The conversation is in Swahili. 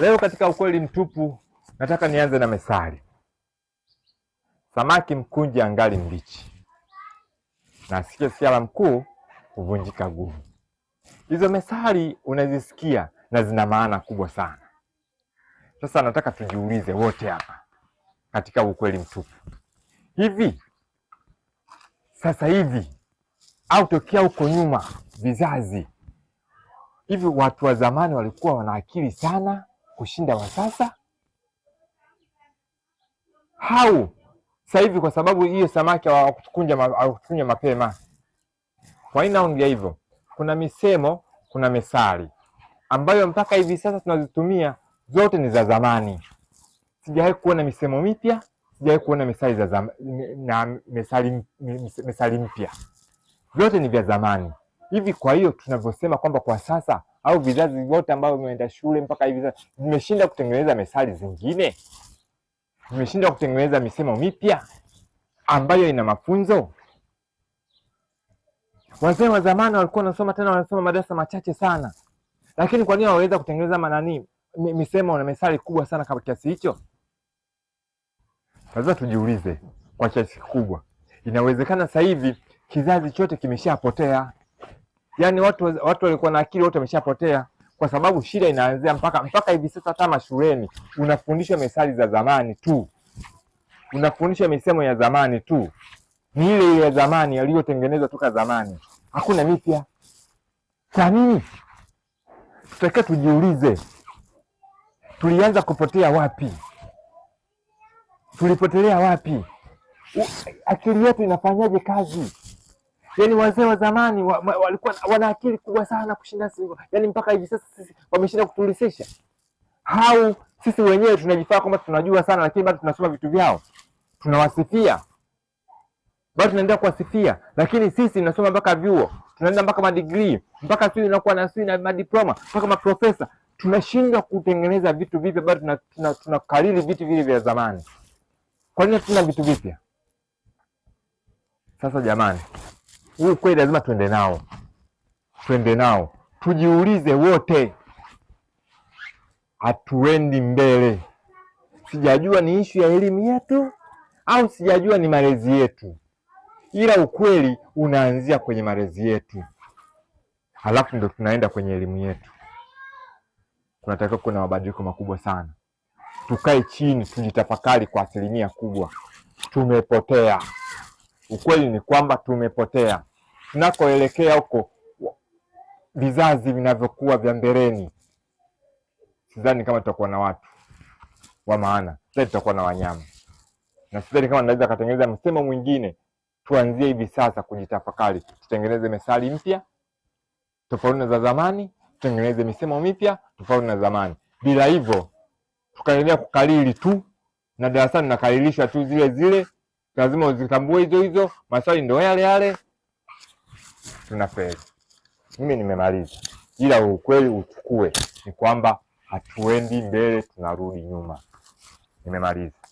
Leo katika ukweli mtupu, nataka nianze na methali, samaki mkunje angali mbichi na asikie siala mkuu huvunjika guvu Hizo methali unazisikia na zina maana kubwa sana. Sasa nataka tujiulize wote hapa katika ukweli mtupu, hivi sasa hivi au tokea huko nyuma vizazi hivi, watu wa zamani walikuwa wana akili sana kushinda wa sasa au sasa hivi, kwa sababu hiyo samaki hawakukunja mapema. Kwa nini naongea hivyo? Kuna misemo, kuna methali ambayo mpaka hivi sasa tunazitumia zote ni za zamani. Sijawahi kuona misemo mipya, sijawahi kuona methali za na methali methali mpya, vyote ni vya zamani hivi. Kwa hiyo tunavyosema kwamba kwa sasa au vizazi vyote ambavyo vimeenda shule mpaka hivi sasa vimeshinda kutengeneza methali zingine, vimeshinda kutengeneza misemo mipya ambayo ina mafunzo. Wazee wa zamani walikuwa wanasoma, tena wanasoma madarasa machache sana, lakini kwa nini waweza kutengeneza manani misemo na methali kubwa sana kama kiasi hicho? Lazima tujiulize, kwa kiasi kikubwa inawezekana sasa hivi kizazi chote kimeshapotea yani watu watu walikuwa na akili wote wameshapotea, kwa sababu shida inaanzia mpaka mpaka hivi sasa. Hata mashuleni unafundishwa methali za zamani tu, unafundishwa misemo ya zamani tu, ni ile ile ya zamani yaliyotengenezwa toka zamani, hakuna mipya. Kwa nini? Tutakiwa tujiulize, tulianza kupotea wapi? Tulipotelea wapi? Akili yetu inafanyaje kazi? Yani wazee wa zamani walikuwa wa, wa, wa, wana akili kubwa sana kushinda sisi, yani mpaka hivi sasa sisi wameshinda kutulisisha, au sisi wenyewe tunajifaa kwamba tunajua sana, lakini bado tunasoma vitu vyao, tunawasifia bado tunaendelea kuwasifia, lakini sisi tunasoma mpaka vyuo, tunaenda mpaka madigrii, mpaka sisi tunakuwa na sisi na madiploma mpaka maprofesa, tunashindwa kutengeneza vitu vipya, bado tunakariri vitu vile vya zamani. Kwa nini hatuna vitu vipya sasa jamani? huu ukweli lazima tuende nao, tuende nao, tujiulize wote, hatuendi mbele. Sijajua ni ishu ya elimu yetu au sijajua ni malezi yetu, ila ukweli unaanzia kwenye malezi yetu, halafu ndo tunaenda kwenye elimu yetu. Kunatakiwa kuna na mabadiliko makubwa sana. Tukae chini, tujitafakari. Kwa asilimia kubwa tumepotea. Ukweli ni kwamba tumepotea. Tunakoelekea huko, vizazi vinavyokuwa vya mbeleni, sidhani kama tutakuwa na watu wa maana, sidhani tutakuwa na wanyama, na sidhani kama naweza katengeneza msemo mwingine. Tuanzie hivi sasa kujitafakari, tutengeneze methali mpya tofauti na za zamani, tutengeneze misemo mipya tofauti na zamani. Bila hivyo tukaendelea kukalili tu na darasani nakalilishwa tu zile zile lazima uzitambue hizo hizo, maswali ndo yale yale, tunafeli. Mimi nimemaliza, ila ukweli uchukue ni kwamba hatuendi mbele, tunarudi nyuma. Nimemaliza.